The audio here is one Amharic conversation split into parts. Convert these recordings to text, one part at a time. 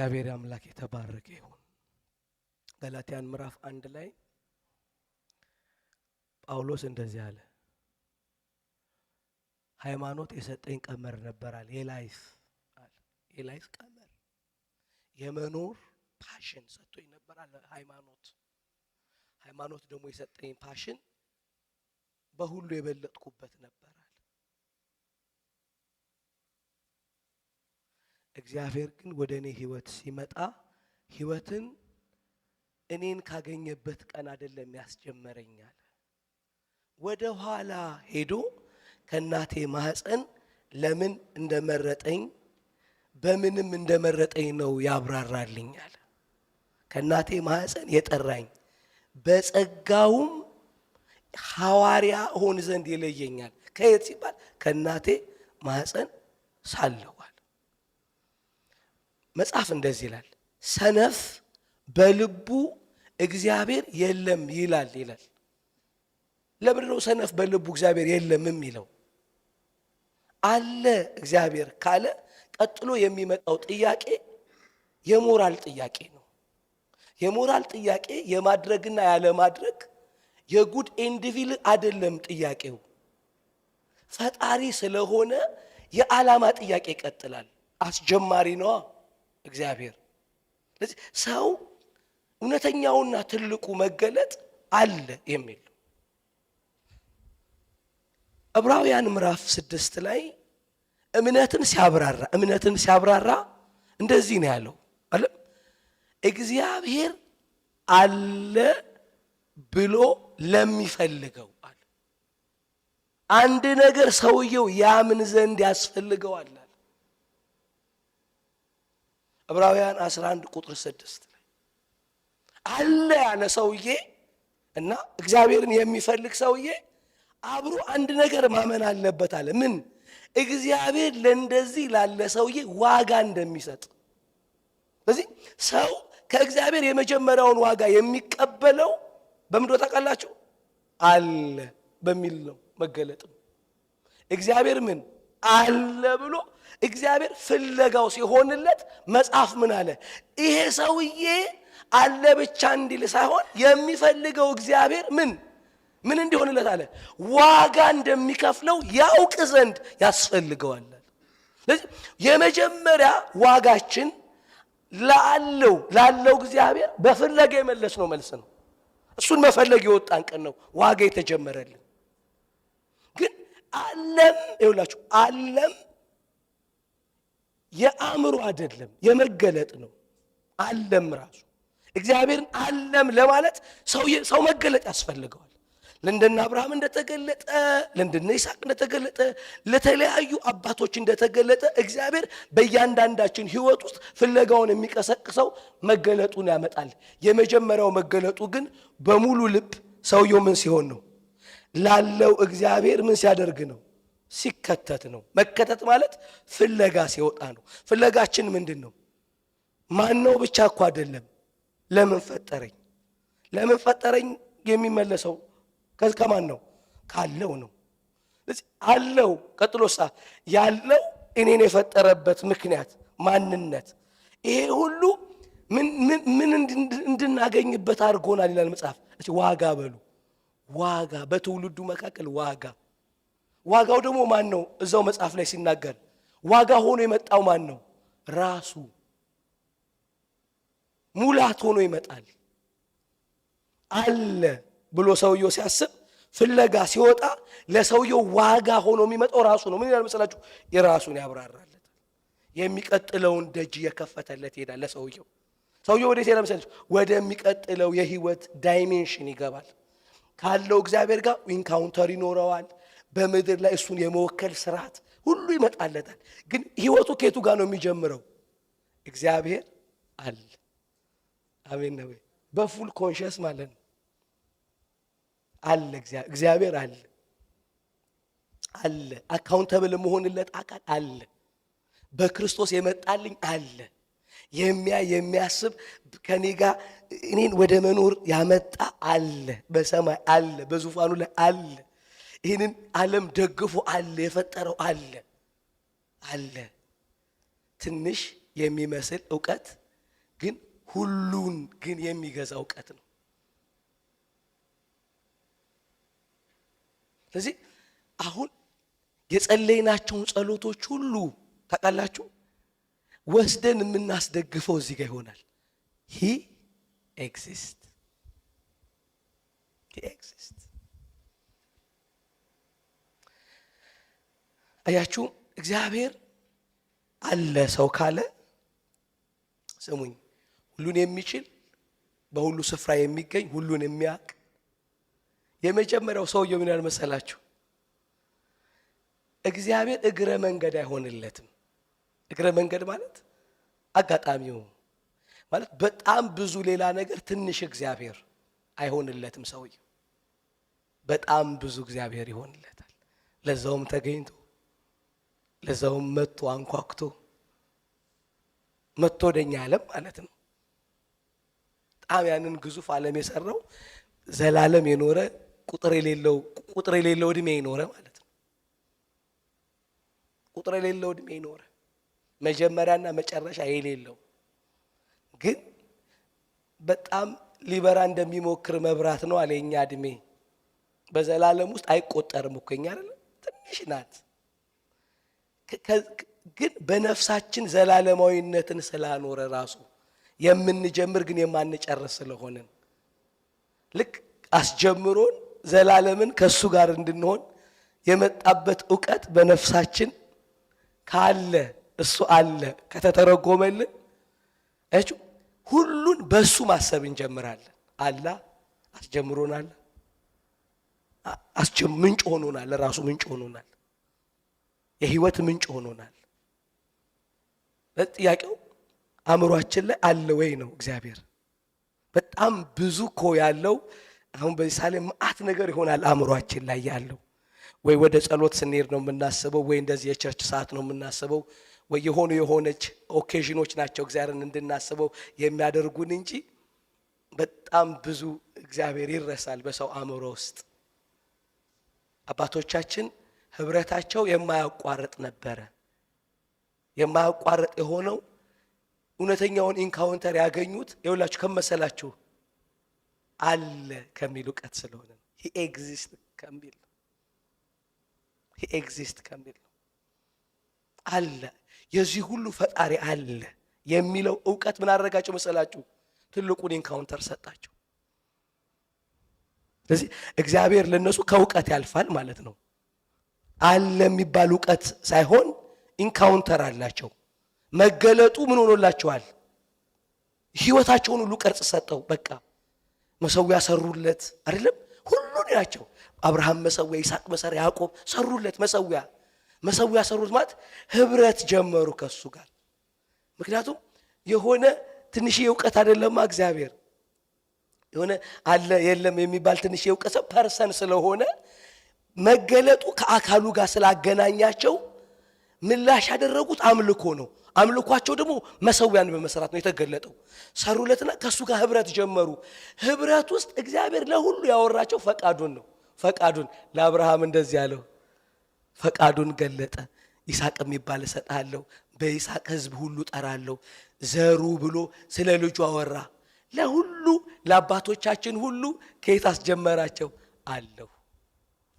እግዚአብሔር አምላክ የተባረከ ይሁን። ገላትያን ምዕራፍ አንድ ላይ ጳውሎስ እንደዚህ አለ፣ ሃይማኖት የሰጠኝ ቀመር ነበር አለ። አለ የላይፍ ቀመር የመኖር ፓሽን ሰጥቶኝ ነበር አለ ሃይማኖት። ሃይማኖት ደግሞ የሰጠኝ ፓሽን በሁሉ የበለጥኩበት ነበር እግዚአብሔር ግን ወደ እኔ ህይወት ሲመጣ ህይወትን እኔን ካገኘበት ቀን አይደለም ያስጀመረኛል። ወደ ኋላ ሄዶ ከእናቴ ማህፀን ለምን እንደመረጠኝ በምንም እንደመረጠኝ ነው ያብራራልኛል። ከእናቴ ማህፀን የጠራኝ በጸጋውም ሐዋርያ እሆን ዘንድ ይለየኛል። ከየት ሲባል ከእናቴ ማህፀን ሳለሁ መጽሐፍ እንደዚህ ይላል፣ ሰነፍ በልቡ እግዚአብሔር የለም ይላል ይላል። ለምንድነው ሰነፍ በልቡ እግዚአብሔር የለም የሚለው? አለ እግዚአብሔር ካለ ቀጥሎ የሚመጣው ጥያቄ የሞራል ጥያቄ ነው። የሞራል ጥያቄ የማድረግና ያለማድረግ የጉድ ኢንዲቪል አይደለም። ጥያቄው ፈጣሪ ስለሆነ የዓላማ ጥያቄ ይቀጥላል። አስጀማሪ ነዋ። እግዚአብሔር። ስለዚህ ሰው እውነተኛውና ትልቁ መገለጥ አለ የሚል ዕብራውያን ምዕራፍ ስድስት ላይ እምነትን ሲያብራራ እምነትን ሲያብራራ እንደዚህ ነው ያለው አለ እግዚአብሔር አለ ብሎ ለሚፈልገው አለ። አንድ ነገር ሰውየው ያምን ዘንድ ያስፈልገዋል። ዕብራውያን 11 ቁጥር 6 አለ ያለ ሰውዬ እና እግዚአብሔርን የሚፈልግ ሰውዬ አብሮ አንድ ነገር ማመን አለበት አለ። ምን እግዚአብሔር ለእንደዚህ ላለ ሰውዬ ዋጋ እንደሚሰጥ። ስለዚህ ሰው ከእግዚአብሔር የመጀመሪያውን ዋጋ የሚቀበለው በምድ ታውቃላችሁ አለ በሚል ነው መገለጥም እግዚአብሔር ምን አለ ብሎ እግዚአብሔር ፍለጋው ሲሆንለት መጽሐፍ ምን አለ? ይሄ ሰውዬ አለ ብቻ እንዲል ሳይሆን የሚፈልገው እግዚአብሔር ምን ምን እንዲሆንለት አለ ዋጋ እንደሚከፍለው ያውቅ ዘንድ ያስፈልገዋል። ስለዚህ የመጀመሪያ ዋጋችን ላለው ላለው እግዚአብሔር በፍለጋ የመለስ ነው መልስ ነው። እሱን መፈለግ የወጣን ቀን ነው ዋጋ የተጀመረልን። ግን አለም ይውላችሁ አለም የአእምሮ አይደለም፣ የመገለጥ ነው። አለም ራሱ እግዚአብሔርን አለም ለማለት ሰው መገለጥ ያስፈልገዋል። ለእንደነ አብርሃም እንደተገለጠ፣ ለእንደነ ይስሐቅ እንደተገለጠ፣ ለተለያዩ አባቶች እንደተገለጠ እግዚአብሔር በእያንዳንዳችን ህይወት ውስጥ ፍለጋውን የሚቀሰቅሰው መገለጡን ያመጣል። የመጀመሪያው መገለጡ ግን በሙሉ ልብ ሰውየው ምን ሲሆን ነው? ላለው እግዚአብሔር ምን ሲያደርግ ነው? ሲከተት ነው። መከተት ማለት ፍለጋ ሲወጣ ነው። ፍለጋችን ምንድን ነው? ማን ነው ብቻ እኮ አይደለም። ለምን ፈጠረኝ፣ ለምን ፈጠረኝ የሚመለሰው ከማን ነው? ካለው ነው። አለው ቀጥሎሳ ያለው እኔን የፈጠረበት ምክንያት ማንነት፣ ይሄ ሁሉ ምን እንድናገኝበት አድርጎናል ይላል መጽሐፍ። ዋጋ በሉ ዋጋ፣ በትውልዱ መካከል ዋጋ ዋጋው ደግሞ ማን ነው? እዛው መጽሐፍ ላይ ሲናገር ዋጋ ሆኖ የመጣው ማን ነው? ራሱ ሙላት ሆኖ ይመጣል አለ ብሎ ሰውየው ሲያስብ ፍለጋ ሲወጣ ለሰውየው ዋጋ ሆኖ የሚመጣው ራሱ ነው። ምን ይላል መሰላችሁ? የራሱን ያብራራለት የሚቀጥለውን ደጅ እየከፈተለት ይሄዳል። ለሰውየው ሰውየው ወደ ይሄዳል መሰላችሁ? ወደሚቀጥለው የህይወት ዳይሜንሽን ይገባል። ካለው እግዚአብሔር ጋር ኢንካውንተር ይኖረዋል። በምድር ላይ እሱን የመወከል ስርዓት ሁሉ ይመጣለታል። ግን ህይወቱ ከየቱ ጋር ነው የሚጀምረው? እግዚአብሔር አለ። አሜን ነው። በፉል ኮንሽስ ማለት ነው አለ እግዚአብሔር አለ አለ አካውንተብል መሆንለት አቃል አለ በክርስቶስ የመጣልኝ አለ የሚያይ የሚያስብ ከኔ ጋር እኔን ወደ መኖር ያመጣ አለ በሰማይ አለ በዙፋኑ ላይ አለ ይህንን ዓለም ደግፎ አለ የፈጠረው አለ አለ ትንሽ የሚመስል እውቀት ግን ሁሉን ግን የሚገዛ እውቀት ነው። ስለዚህ አሁን የጸለይናቸውን ጸሎቶች ሁሉ ታውቃላችሁ ወስደን የምናስደግፈው እዚህ ጋር ይሆናል። ሂ ኤግዚስት ኤግዚስት አያችሁ እግዚአብሔር አለ ሰው ካለ ስሙኝ፣ ሁሉን የሚችል በሁሉ ስፍራ የሚገኝ ሁሉን የሚያውቅ የመጀመሪያው ሰውየው ምን ያልመሰላችሁ እግዚአብሔር እግረ መንገድ አይሆንለትም። እግረ መንገድ ማለት አጋጣሚው ማለት በጣም ብዙ ሌላ ነገር ትንሽ እግዚአብሔር አይሆንለትም። ሰውየው በጣም ብዙ እግዚአብሔር ይሆንለታል። ለዛውም ተገኝቶ ለዛውም መጥቶ አንኳክቶ መጥቶ ወደኛ ዓለም ማለት ነው። በጣም ያንን ግዙፍ ዓለም የሰራው ዘላለም የኖረ ቁጥር የሌለው ቁጥር የሌለው እድሜ ይኖረ ማለት ነው። ቁጥር የሌለው እድሜ ይኖረ መጀመሪያና መጨረሻ የሌለው ግን በጣም ሊበራ እንደሚሞክር መብራት ነው አለ። የኛ እድሜ በዘላለም ውስጥ አይቆጠርም እኮ እኛ አይደለም ትንሽ ናት። ግን በነፍሳችን ዘላለማዊነትን ስላኖረ ራሱ የምንጀምር ግን የማንጨርስ ስለሆንን ልክ አስጀምሮን ዘላለምን ከእሱ ጋር እንድንሆን የመጣበት እውቀት በነፍሳችን ካለ እሱ አለ ከተተረጎመልን እጩ ሁሉን በእሱ ማሰብ እንጀምራለን። አላ አስጀምሮናል፣ ምንጭ ሆኖናል፣ ራሱ ምንጭ ሆኖናል። የህይወት ምንጭ ሆኖናል። ጥያቄው አእምሯችን ላይ አለ ወይ ነው። እግዚአብሔር በጣም ብዙ ኮ ያለው አሁን በዚህ ሳሌ ነገር ይሆናል አእምሯችን ላይ ያለው ወይ ወደ ጸሎት ስንሄድ ነው የምናስበው፣ ወይ እንደዚህ የቸርች ሰዓት ነው የምናስበው፣ ወይ የሆኑ የሆነች ኦኬዥኖች ናቸው እግዚአብሔርን እንድናስበው የሚያደርጉን እንጂ በጣም ብዙ እግዚአብሔር ይረሳል በሰው አእምሮ ውስጥ አባቶቻችን ህብረታቸው የማያቋርጥ ነበረ። የማያቋርጥ የሆነው እውነተኛውን ኢንካውንተር ያገኙት የሁላችሁ ከመሰላችሁ አለ ከሚል እውቀት ስለሆነ ነው። ሂ ኤግዚስት ከሚል ሂ ኤግዚስት ከሚል ነው። አለ የዚህ ሁሉ ፈጣሪ አለ የሚለው እውቀት ምን አደረጋቸው መሰላችሁ? ትልቁን ኢንካውንተር ሰጣቸው። ስለዚህ እግዚአብሔር ለነሱ ከእውቀት ያልፋል ማለት ነው። አለ የሚባል እውቀት ሳይሆን ኢንካውንተር አላቸው። መገለጡ ምን ሆኖላቸዋል? ህይወታቸውን ሁሉ ቅርጽ ሰጠው። በቃ መሰዊያ ሰሩለት አይደለም ሁሉን ናቸው። አብርሃም መሰዊያ፣ ይስቅ መሰር ያዕቆብ ሰሩለት መሰዊያ። መሰዊያ ሰሩት ማለት ህብረት ጀመሩ ከሱ ጋር። ምክንያቱም የሆነ ትንሽ እውቀት አይደለማ እግዚአብሔር የሆነ አለ የለም የሚባል ትንሽ እውቀት ፐርሰን ስለሆነ መገለጡ ከአካሉ ጋር ስላገናኛቸው ምላሽ ያደረጉት አምልኮ ነው። አምልኳቸው ደግሞ መሰዊያን በመስራት ነው የተገለጠው። ሰሩለትና ከእሱ ጋር ህብረት ጀመሩ። ህብረት ውስጥ እግዚአብሔር ለሁሉ ያወራቸው ፈቃዱን ነው። ፈቃዱን ለአብርሃም እንደዚህ ያለው ፈቃዱን ገለጠ። ይስሐቅ የሚባል እሰጣለሁ በይስቅ ህዝብ ሁሉ ጠራለሁ፣ ዘሩ ብሎ ስለ ልጁ አወራ። ለሁሉ ለአባቶቻችን ሁሉ ከየት አስጀመራቸው አለሁ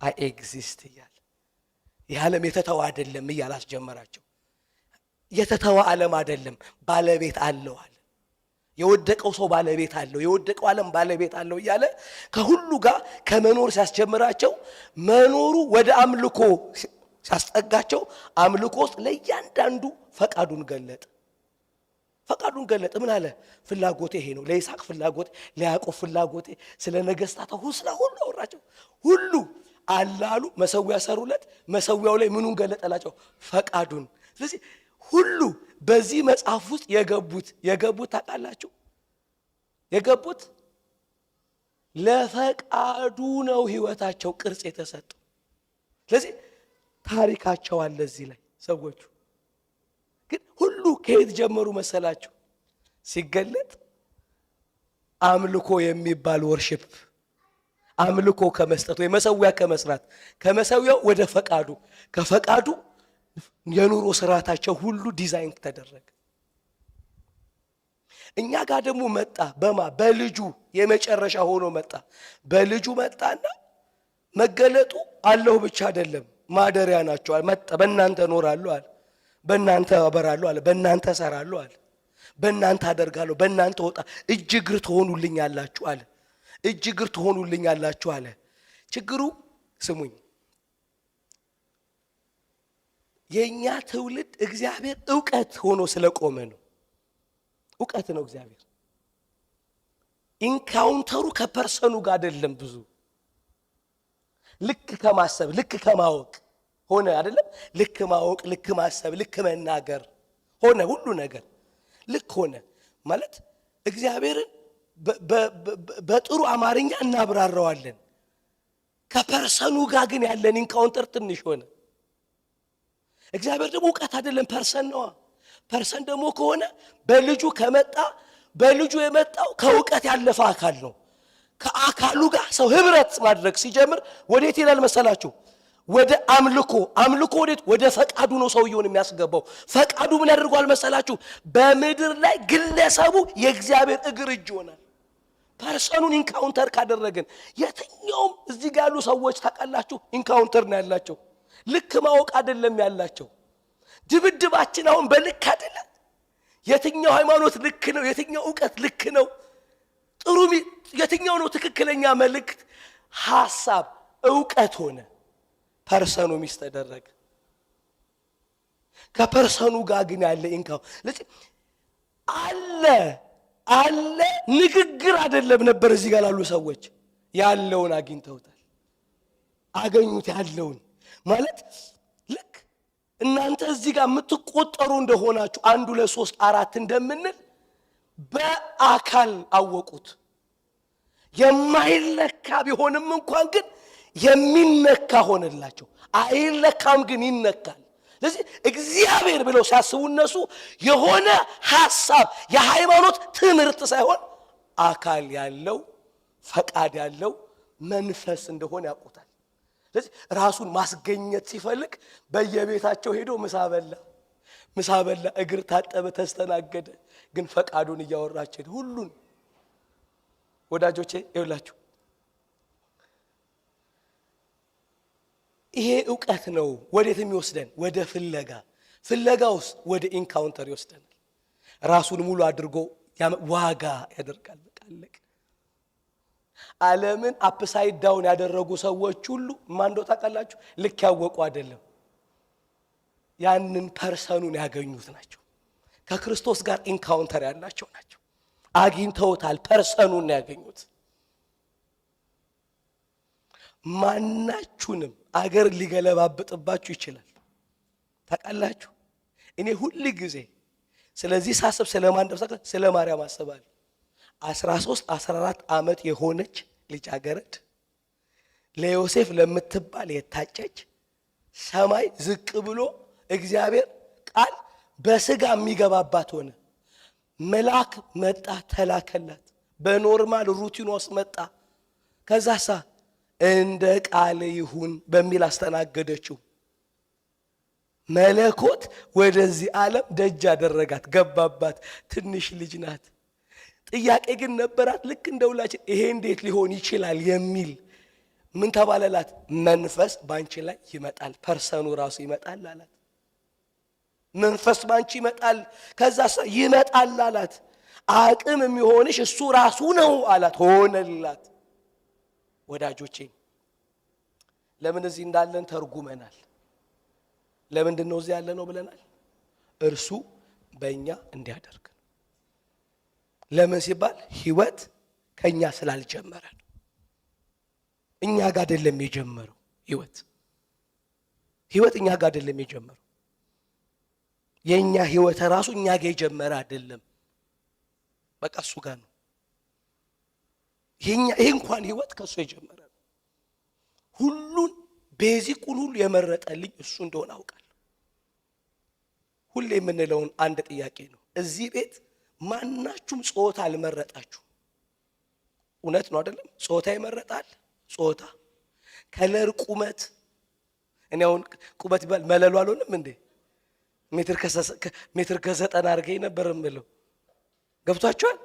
አይ ኤግዚስት እያለ ይህ ዓለም የተተወ አይደለም እያለ አስጀመራቸው። የተተወ ዓለም አይደለም፣ ባለቤት አለው አለ። የወደቀው ሰው ባለቤት አለው፣ የወደቀው ዓለም ባለቤት አለው እያለ ከሁሉ ጋር ከመኖር ሲያስጀምራቸው መኖሩ ወደ አምልኮ ሲያስጠጋቸው አምልኮ ውስጥ ለእያንዳንዱ ፈቃዱን ገለጠ። ፈቃዱን ገለጠ። ምን አለ? ፍላጎቴ ይሄ ነው። ለይስሐቅ ፍላጎቴ፣ ለያዕቆብ ፍላጎቴ፣ ስለ ነገሥታት ስለ ሁሉ አወራቸው። ሁሉ አላሉ መሰዊያ ሰሩለት። መሰዊያው ላይ ምኑን ገለጠላቸው? ፈቃዱን። ስለዚህ ሁሉ በዚህ መጽሐፍ ውስጥ የገቡት የገቡት ታውቃላችሁ፣ የገቡት ለፈቃዱ ነው ህይወታቸው ቅርጽ የተሰጡ ስለዚህ ታሪካቸው አለ እዚህ ላይ ሰዎቹ ግን ሁሉ ከየት ጀመሩ መሰላችሁ? ሲገለጥ አምልኮ የሚባል ወርሽፕ አምልኮ ከመስጠት ወይ መሰዊያ ከመስራት ከመሰዊያው ወደ ፈቃዱ ከፈቃዱ የኑሮ ስርዓታቸው ሁሉ ዲዛይን ተደረገ። እኛ ጋር ደግሞ መጣ። በማ በልጁ የመጨረሻ ሆኖ መጣ። በልጁ መጣና መገለጡ አለሁ ብቻ አይደለም ማደሪያ ናቸው። መጣ በእናንተ እኖራለሁ አለ፣ በእናንተ አበራለሁ አለ፣ በእናንተ እሰራለሁ አለ፣ በእናንተ አደርጋለሁ፣ በእናንተ ወጣ እጅ እግር ትሆኑልኛላችሁ አለ። እጅ እግር ትሆኑልኛላችሁ አለ። ችግሩ ስሙኝ፣ የእኛ ትውልድ እግዚአብሔር እውቀት ሆኖ ስለቆመ ነው። እውቀት ነው እግዚአብሔር። ኢንካውንተሩ ከፐርሰኑ ጋር አይደለም። ብዙ ልክ ከማሰብ ልክ ከማወቅ ሆነ አይደለም። ልክ ማወቅ፣ ልክ ማሰብ፣ ልክ መናገር ሆነ ሁሉ ነገር ልክ ሆነ ማለት እግዚአብሔርን በጥሩ አማርኛ እናብራራዋለን። ከፐርሰኑ ጋር ግን ያለን ኢንካውንተር ትንሽ ሆነ። እግዚአብሔር ደግሞ እውቀት አይደለም ፐርሰን ነዋ። ፐርሰን ደግሞ ከሆነ በልጁ ከመጣ በልጁ የመጣው ከእውቀት ያለፈ አካል ነው። ከአካሉ ጋር ሰው ህብረት ማድረግ ሲጀምር ወዴት ይላል መሰላችሁ? ወደ አምልኮ። አምልኮ ወዴት? ወደ ፈቃዱ ነው ሰውየውን የሚያስገባው። ፈቃዱ ምን ያደርጓል መሰላችሁ? በምድር ላይ ግለሰቡ የእግዚአብሔር እግር እጅ ይሆናል። ፐርሰኑን ኢንካውንተር ካደረግን የትኛውም እዚህ ጋር ያሉ ሰዎች ታውቃላችሁ፣ ኢንካውንተር ነው ያላቸው። ልክ ማወቅ አይደለም ያላቸው። ድብድባችን አሁን በልክ አይደለም። የትኛው ሃይማኖት ልክ ነው? የትኛው እውቀት ልክ ነው? ጥሩ የትኛው ነው ትክክለኛ መልእክት? ሐሳብ እውቀት ሆነ፣ ፐርሰኑ ሚስ ተደረገ። ከፐርሰኑ ጋር ግን ያለ ኢንካው አለ አለ ንግግር አይደለም ነበር። እዚህ ጋር ላሉ ሰዎች ያለውን አግኝተውታል። አገኙት ያለውን ማለት ልክ እናንተ እዚህ ጋር የምትቆጠሩ እንደሆናችሁ አንዱ ለሶስት አራት እንደምንል በአካል አወቁት። የማይለካ ቢሆንም እንኳን ግን የሚነካ ሆነላቸው። አይለካም ግን ይነካል። ስለዚህ እግዚአብሔር ብለው ሲያስቡ እነሱ የሆነ ሀሳብ የሃይማኖት ትምህርት ሳይሆን አካል ያለው ፈቃድ ያለው መንፈስ እንደሆነ ያውቁታል። ስለዚህ ራሱን ማስገኘት ሲፈልግ በየቤታቸው ሄዶ ምሳ በላ ምሳ በላ፣ እግር ታጠበ፣ ተስተናገደ። ግን ፈቃዱን እያወራቸው ሁሉን ወዳጆቼ ይውላችሁ ይሄ እውቀት ነው። ወዴት የሚወስደን? ወደ ፍለጋ። ፍለጋ ውስጥ ወደ ኢንካውንተር ይወስደናል። ራሱን ሙሉ አድርጎ ዋጋ ያደርጋል። በቃለቅ አለምን አፕሳይድ ዳውን ያደረጉ ሰዎች ሁሉ ማንዶ ታውቃላችሁ፣ ልክ ያወቁ አይደለም ያንን ፐርሰኑን ያገኙት ናቸው። ከክርስቶስ ጋር ኢንካውንተር ያላቸው ናቸው። አግኝተውታል። ፐርሰኑን ያገኙት ማናችሁንም አገር ሊገለባብጥባችሁ ይችላል። ታውቃላችሁ፣ እኔ ሁል ጊዜ ስለዚህ ሳስብ ስለማን ደርሳ ስለ ማርያም አስባለሁ። አስራ ሶስት አስራ አራት ዓመት የሆነች ልጃገረድ ለዮሴፍ ለምትባል የታጨች ሰማይ ዝቅ ብሎ እግዚአብሔር ቃል በስጋ የሚገባባት ሆነ። መልአክ መጣ ተላከላት። በኖርማል ሩቲኖስ መጣ። ከዛ ሳ እንደ ቃል ይሁን በሚል አስተናገደችው። መለኮት ወደዚህ ዓለም ደጅ አደረጋት፣ ገባባት። ትንሽ ልጅ ናት። ጥያቄ ግን ነበራት። ልክ እንደ ሁላችን ይሄ እንዴት ሊሆን ይችላል የሚል ምን ተባለላት? መንፈስ ባንቺ ላይ ይመጣል፣ ፐርሰኑ ራሱ ይመጣል አላት። መንፈስ ባንቺ ይመጣል፣ ከዛ ይመጣል አላት። አቅም የሚሆንሽ እሱ ራሱ ነው አላት። ሆነላት። ወዳጆቼ ለምን እዚህ እንዳለን ተርጉመናል። ለምንድን ነው እዚህ ያለ ነው ብለናል። እርሱ በእኛ እንዲያደርግ ለምን ሲባል ህይወት ከእኛ ስላልጀመረ እኛ ጋር አይደለም የጀመረው ህይወት ህይወት እኛ ጋር አይደለም የጀመረው። የእኛ ህይወት ራሱ እኛ ጋር የጀመረ አይደለም። በቃ እሱ ጋር ነው ይህ እንኳን ህይወት ከእሱ የጀመረ ነው። ሁሉን ቤዚቁን ሁሉ የመረጠልኝ እሱ እንደሆነ አውቃል። ሁሌ የምንለውን አንድ ጥያቄ ነው። እዚህ ቤት ማናችሁም ጾታ አልመረጣችሁ እውነት ነው አይደለም? ጾታ ይመረጣል። ጾታ፣ ከለር፣ ቁመት። እኔ አሁን ቁመት ይባል መለሉ አልሆንም እንዴ? ሜትር ከዘጠና አድርጌ ነበር ምለው ገብቷችኋል?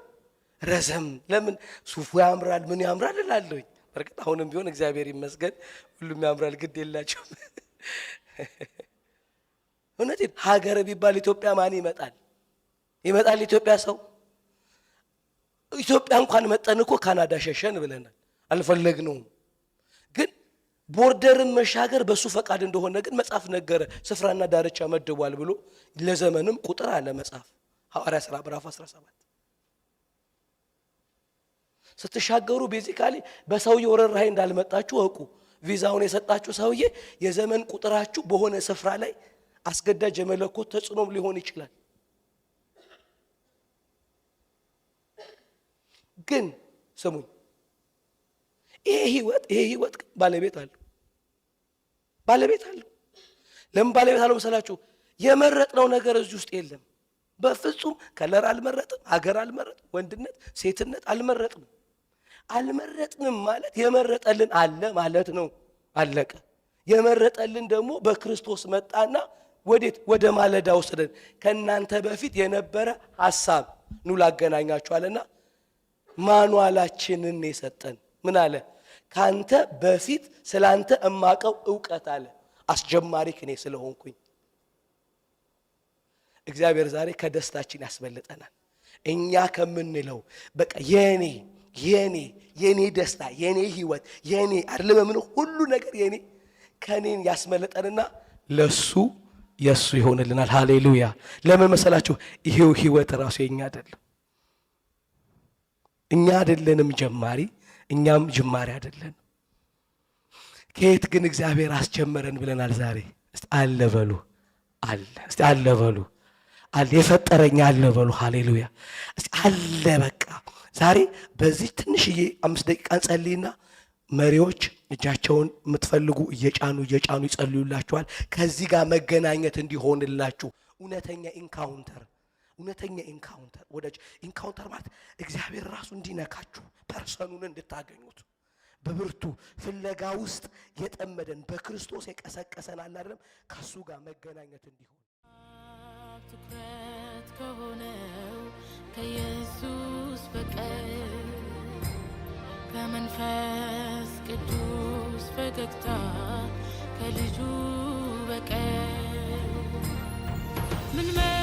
ረዘም ለምን ሱፉ ያምራል፣ ምን ያምራል እላለሁኝ። በርግጥ አሁንም ቢሆን እግዚአብሔር ይመስገን ሁሉም ያምራል፣ ግድ የላቸውም። እውነት ሀገር ቢባል ኢትዮጵያ ማን ይመጣል? ይመጣል ኢትዮጵያ ሰው ኢትዮጵያ እንኳን መጠን እኮ ካናዳ ሸሸን ብለናል፣ አልፈለግነውም። ግን ቦርደርን መሻገር በሱ ፈቃድ እንደሆነ ግን መጽሐፍ ነገረ፣ ስፍራና ዳርቻ መድቧል ብሎ ለዘመንም ቁጥር አለ መጽሐፍ ሐዋርያ ስራ ምዕራፍ 17 ስትሻገሩ ቤዚካሊ በሰውዬ ወረራይ እንዳልመጣችሁ እቁ ቪዛውን የሰጣችሁ ሰውዬ የዘመን ቁጥራችሁ በሆነ ስፍራ ላይ አስገዳጅ የመለኮት ተጽዕኖም ሊሆን ይችላል። ግን ስሙኝ፣ ይሄ ህይወት ይሄ ህይወት ባለቤት አለው፣ ባለቤት አለው። ለምን ባለቤት አለው መሰላችሁ? የመረጥነው ነገር እዚህ ውስጥ የለም። በፍጹም ከለር አልመረጥም፣ ሀገር አልመረጥም፣ ወንድነት ሴትነት አልመረጥም። አልመረጥንም ማለት የመረጠልን አለ ማለት ነው። አለቀ። የመረጠልን ደግሞ በክርስቶስ መጣና ወዴት? ወደ ማለዳ ወሰደን። ከእናንተ በፊት የነበረ ሀሳብ ኑ ላገናኛችኋልና ማኗላችንን የሰጠን ምን አለ? ካንተ በፊት ስላንተ እማቀው እውቀት አለ አስጀማሪ ክኔ ስለሆንኩኝ እግዚአብሔር ዛሬ ከደስታችን ያስበልጠናል። እኛ ከምንለው በቃ የኔ የኔ የኔ ደስታ የኔ ህይወት የኔ አይደለም ምን ሁሉ ነገር የኔ ከኔን ያስመለጠንና ለሱ የሱ ይሆንልናል። ሃሌሉያ! ለምን መሰላችሁ? ይሄው ህይወት ራሱ የኛ አይደለም። እኛ አይደለንም ጀማሪ፣ እኛም ጅማሪ አደለን ከየት ግን እግዚአብሔር አስጀመረን ብለናል። ዛሬ እስቲ አለበሉ አለ፣ እስቲ አለበሉ አለ፣ የፈጠረኛ አለበሉ። ሃሌሉያ! አለ በቃ ዛሬ በዚህ ትንሽዬ አምስት ደቂቃ ጸልይና መሪዎች እጃቸውን የምትፈልጉ እየጫኑ እየጫኑ ይጸልዩላችኋል። ከዚህ ጋር መገናኘት እንዲሆንላችሁ እውነተኛ ኢንካውንተር እውነተኛ ኢንካውንተር ወዳጅ ኢንካውንተር ማለት እግዚአብሔር ራሱ እንዲነካችሁ ፐርሰኑን እንድታገኙት በብርቱ ፍለጋ ውስጥ የጠመደን በክርስቶስ የቀሰቀሰን አለ አይደለም ከእሱ ጋር መገናኘት እንዲሆን ትኩረት ከሆነው ከኢየሱስ በቀር ከመንፈስ ቅዱስ ፈገግታ ከልጁ በቀር ምን